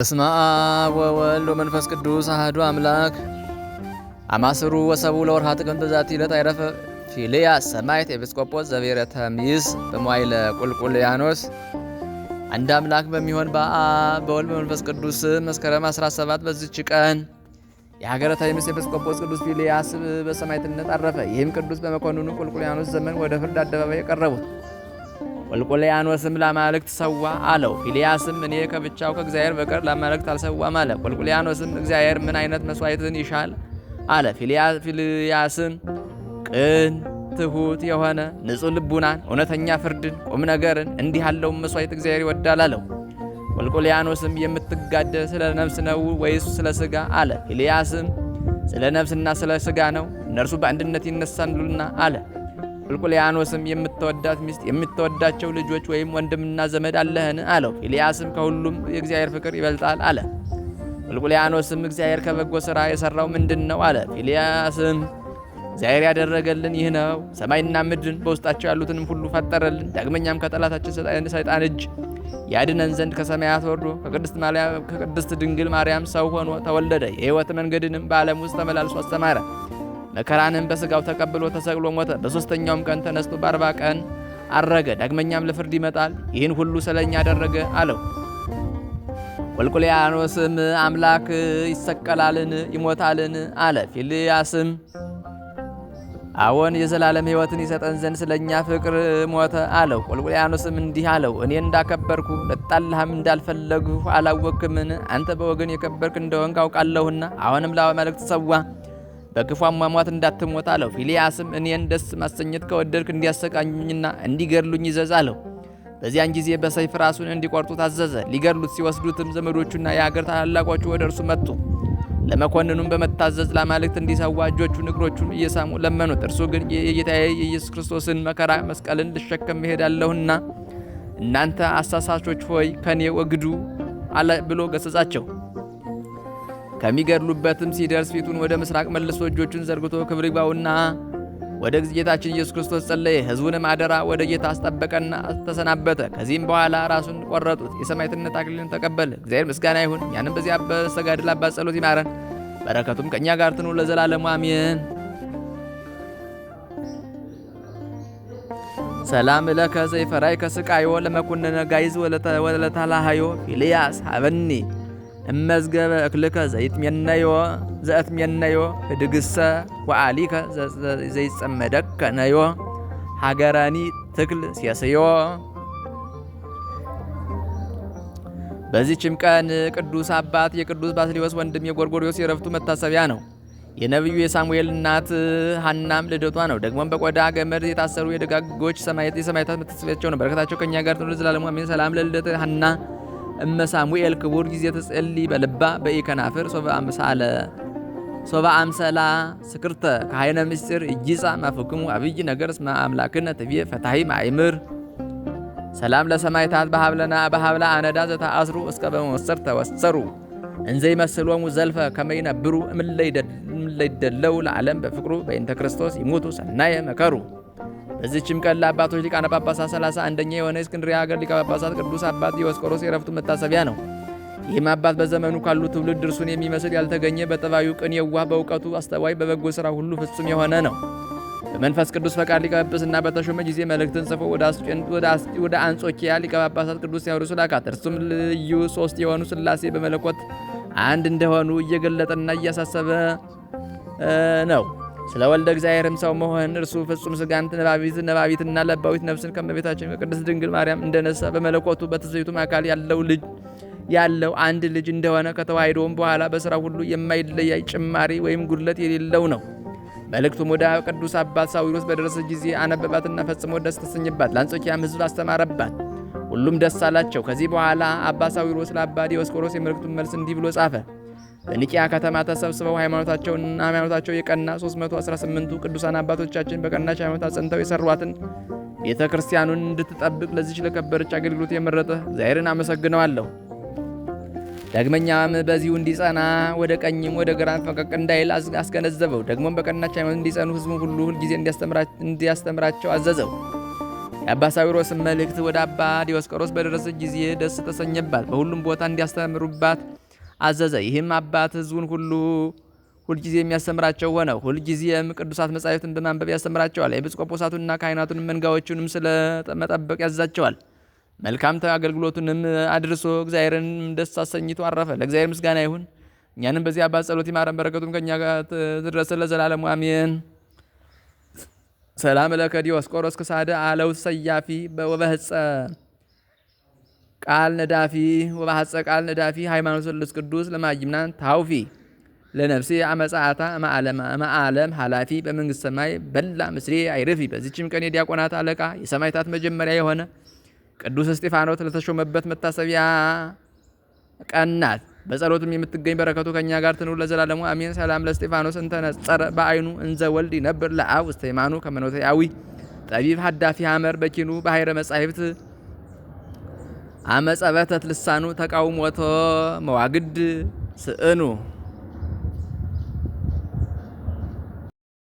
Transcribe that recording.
በስመ አብ ወወልድ ወመንፈስ ቅዱስ አህዱ አምላክ። አማስሩ ወሰቡ ለወርሃ ጥቅምት በዛቲ ዕለት አይረፈ ፊልያ ሰማዕት ኤጲስቆጶስ ዘብሔረ ተምይስ በመዋዕለ ቁልቁልያኖስ። አንድ አምላክ በሚሆን በአብ በወልድ በመንፈስ ቅዱስ መስከረም 17 በዚች ቀን የሀገረ ተምይስ ኤጲስቆጶስ ቅዱስ ፊልያስ በሰማዕትነት አረፈ። ይህም ቅዱስ በመኮንኑ ቁልቁልያኖስ ዘመን ወደ ፍርድ አደባባይ የቀረቡት ቆልቆልያኖስም ለማልክት ሰዋ አለው። ፊሊያስም እኔ ከብቻው ከእግዚአብሔር በቀር ላማልክት አልሰዋም አለ። ቆልቆልያኖስም እግዚአብሔር ምን አይነት መስዋዕትን ይሻል አለ። ፊልያስን ቅን ትሁት የሆነ ንጹሕ ልቡናን፣ እውነተኛ ፍርድን፣ ቁም ነገርን እንዲህ ያለውን መስዋዕት እግዚአብሔር ይወዳል አለው። ቆልቆልያኖስም የምትጋደ ስለ ነፍስ ነው ወይስ ስለ ስጋ አለ። ፊሊያስም ስለ ነፍስና ስለ ስጋ ነው፣ እነርሱ በአንድነት ይነሳሉና አለ። ቁልቁልያኖስም የምትወዳት ሚስት የምትወዳቸው ልጆች ወይም ወንድምና ዘመድ አለህን? አለው። ኤልያስም ከሁሉም የእግዚአብሔር ፍቅር ይበልጣል አለ። ቁልቁልያኖስም እግዚአብሔር ከበጎ ሥራ የሠራው ምንድን ነው? አለ። ኤልያስም እግዚአብሔር ያደረገልን ይህ ነው። ሰማይና ምድርን በውስጣቸው ያሉትንም ሁሉ ፈጠረልን። ዳግመኛም ከጠላታችን ሰይጣን እጅ ያድነን ዘንድ ከሰማያት ወርዶ ከቅድስት ድንግል ማርያም ሰው ሆኖ ተወለደ። የሕይወት መንገድንም በዓለም ውስጥ ተመላልሶ አስተማረ። መከራንም በስጋው ተቀብሎ ተሰቅሎ ሞተ። በሶስተኛውም ቀን ተነስቶ በአርባ ቀን አረገ። ዳግመኛም ለፍርድ ይመጣል። ይህን ሁሉ ስለኛ አደረገ አለው። ቆልቁልያኖስም አምላክ ይሰቀላልን ይሞታልን አለ። ፊልያስም አዎን የዘላለም ሕይወትን ይሰጠን ዘንድ ስለኛ ፍቅር ሞተ አለው። ቆልቁልያኖስም እንዲህ አለው፣ እኔ እንዳከበርኩ ልጣልህም እንዳልፈለግሁ አላወክምን አንተ በወገን የከበርክ እንደሆንክ አውቃለሁና አሁንም ለአማልክት ሰዋ በክፉ አሟሟት እንዳትሞት አለው። ፊልያስም እኔን ደስ ማሰኘት ከወደድክ እንዲያሰቃኙኝና እንዲገድሉኝ ይዘዝ አለው። በዚያን ጊዜ በሰይፍ ራሱን እንዲቆርጡ ታዘዘ። ሊገድሉት ሲወስዱትም ዘመዶቹና የአገር ታላላቆቹ ወደ እርሱ መጡ። ለመኮንኑም በመታዘዝ ለአማልክት እንዲሰዋ እጆቹን እግሮቹን እየሳሙ ለመኑት። እርሱ ግን የጌታዬ የኢየሱስ ክርስቶስን መከራ መስቀልን ልሸከም እሄዳለሁና እናንተ አሳሳቾች ሆይ ከኔ ወግዱ አለ ብሎ ገሰጻቸው። ከሚገድሉበትም ሲደርስ ፊቱን ወደ ምስራቅ መልሶ እጆቹን ዘርግቶ ክብር ይግባውና ወደ ጌታችን ኢየሱስ ክርስቶስ ጸለየ። ሕዝቡንም አደራ ወደ ጌታ አስጠበቀና ተሰናበተ። ከዚህም በኋላ ራሱን ቆረጡት፣ የሰማዕትነት አክሊልን ተቀበለ። እግዚአብሔር ምስጋና ይሁን። እኛንም በዚህ በሰጋድል አባት ጸሎት ይማረን፣ በረከቱም ከእኛ ጋር ትኑ ለዘላለሙ አሜን። ሰላም ለከ ዘይፈራይ ከስቃዮ ለመኮንነ ጋይዝ ወለተላሃዮ ፊልያስ ሀበኒ እመዝገበ እክልከ ዘይትሜነዮ ዘእትሜነዮ ህድግሰ ወዓሊከ ዘይጸመደከ ነዮ ሀገራኒ ትክል ሴስዮ። በዚህችም ቀን ቅዱስ አባት የቅዱስ ባስልዮስ ወንድም የጎርጎርዮስ የረፍቱ መታሰቢያ ነው። የነቢዩ የሳሙኤል እናት ሀናም ልደቷ ነው። ደግሞም በቆዳ ገመድ የታሰሩ የደጋጎች የሰማዕታት መታሰቢያቸው ነው። በረከታቸው ከእኛ ጋር ትኑር ለዘላለሙ አሜን። ሰላም ለልደት ሀና እመ ሳሙኤል ክቡር ጊዜ ተጸሊ በልባ በኢከናፍር ሶበ አምሳለ ሶባ አምሰላ ስክርተ ከሀይነ ምስጢር እይጻ ማፍክሙ አብይ ነገር እስመ አምላክነ ትቤ ፈታሂ ማእምር ሰላም ለሰማይታት በሀብለና በሀብላ አነዳ ዘተአስሩ እስከ በመወሰር ተወሰሩ እንዘ ይመስሎሙ ዘልፈ ከመ ይነብሩ እምለይደለው ለዓለም በፍቅሩ በእንተ ክርስቶስ ይሙቱ ሰናየ መከሩ በዚችም ቀን ለአባቶች ሊቃነ ጳጳሳት ሰላሳ አንደኛ የሆነ የእስክንድርያ ሀገር ሊቀ ጳጳሳት ቅዱስ አባት ዲዮስቆሮስ የረፍቱ መታሰቢያ ነው። ይህም አባት በዘመኑ ካሉ ትውልድ እርሱን የሚመስል ያልተገኘ በጠባዩ ቅን የዋህ በእውቀቱ አስተዋይ በበጎ ሥራ ሁሉ ፍጹም የሆነ ነው። በመንፈስ ቅዱስ ፈቃድ ሊቀ ጵጵስና በተሾመ ጊዜ መልእክትን ጽፎ ወደ አንጾኪያ ሊቀ ጳጳሳት ቅዱስ ያውሪስ ላካት። እርሱም ልዩ ሶስት የሆኑ ስላሴ በመለኮት አንድ እንደሆኑ እየገለጠና እያሳሰበ ነው። ስለ ወልደ እግዚአብሔርም ሰው መሆን እርሱ ፍጹም ስጋን ነባቢት ነባቢትና ለባዊት ነፍስን ከመቤታችን ከቅድስት ድንግል ማርያም እንደነሳ በመለኮቱ በትስብእቱም አካል ያለው ልጅ ያለው አንድ ልጅ እንደሆነ ከተዋሕዶውም በኋላ በሥራ ሁሉ የማይለያይ ጭማሪ ወይም ጉድለት የሌለው ነው። መልእክቱም ወደ ቅዱስ አባት ሳዊሮስ በደረሰ ጊዜ አነበባትና ፈጽሞ ደስ ተሰኝባት። ለአንጾኪያም ሕዝብ አስተማረባት። ሁሉም ደስ አላቸው። ከዚህ በኋላ አባ ሳዊሮስ ለአባ ዲዮስቆሮስ የመልእክቱን መልስ እንዲህ ብሎ ጻፈ። በኒቅያ ከተማ ተሰብስበው ሃይማኖታቸውንና ሃይማኖታቸው የቀና 318ቱ ቅዱሳን አባቶቻችን በቀናች ሃይማኖት አጸንተው የሰሯትን ቤተ ክርስቲያኑን እንድትጠብቅ ለዚች ለከበረች አገልግሎት የመረጠ እግዚአብሔርን አመሰግነዋለሁ። ዳግመኛም በዚሁ እንዲጸና ወደ ቀኝም ወደ ግራም ፈቀቅ እንዳይል አስገነዘበው። ደግሞም በቀናች ሃይማኖት እንዲጸኑ ህዝቡ ሁሉ ሁልጊዜ እንዲያስተምራቸው አዘዘው። የአባ ሳዊሮስ መልእክት ወደ አባ ዲዮስቆሮስ በደረሰ ጊዜ ደስ ተሰኘባት። በሁሉም ቦታ እንዲያስተምሩባት አዘዘ። ይህም አባት ህዝቡን ሁሉ ሁልጊዜ የሚያስተምራቸው ሆነ። ሁልጊዜም ቅዱሳት መጻሕፍትን በማንበብ ያስተምራቸዋል። ኤጲስቆጶሳቱንና ካህናቱን መንጋዎቹንም ስለ መጠበቅ ያዛቸዋል። መልካም አገልግሎቱንም አድርሶ እግዚአብሔርን ደስ አሰኝቶ አረፈ። ለእግዚአብሔር ምስጋና ይሁን። እኛንም በዚህ አባት ጸሎት ይማረን፣ በረከቱም ከእኛ ጋር ትድረስ ለዘላለሙ አሜን። ሰላም ለከ ዲዮስቆሮስ ክሳደ አለው ሰያፊ ወበህፀ ቃል ነዳፊ ወባሐፀ ቃል ነዳፊ ሃይማኖት ልስ ቅዱስ ለማጅምና ታውፊ ለነፍሴ አመጻአታ ማዓለም ኃላፊ በመንግሥት ሰማይ በላ ምስሌ አይርፊ። በዚችም ቀን የዲያቆናት አለቃ የሰማይታት መጀመሪያ የሆነ ቅዱስ እስጢፋኖት ለተሾመበት መታሰቢያ ቀናት። ናት። በጸሎትም የምትገኝ በረከቱ ከእኛ ጋር ትኑር ለዘላለሙ አሜን። ሰላም ለእስጢፋኖስ እንተነጸረ በአይኑ እንዘ ወልድ ይነብር ለአብ ውስተ የማኑ ጠቢብ ሀዳፊ ሀመር በኪኑ ባሕረ መጻሕፍት አመጸ በተት ልሳኑ ተቃውሞቶ መዋግድ ስእኑ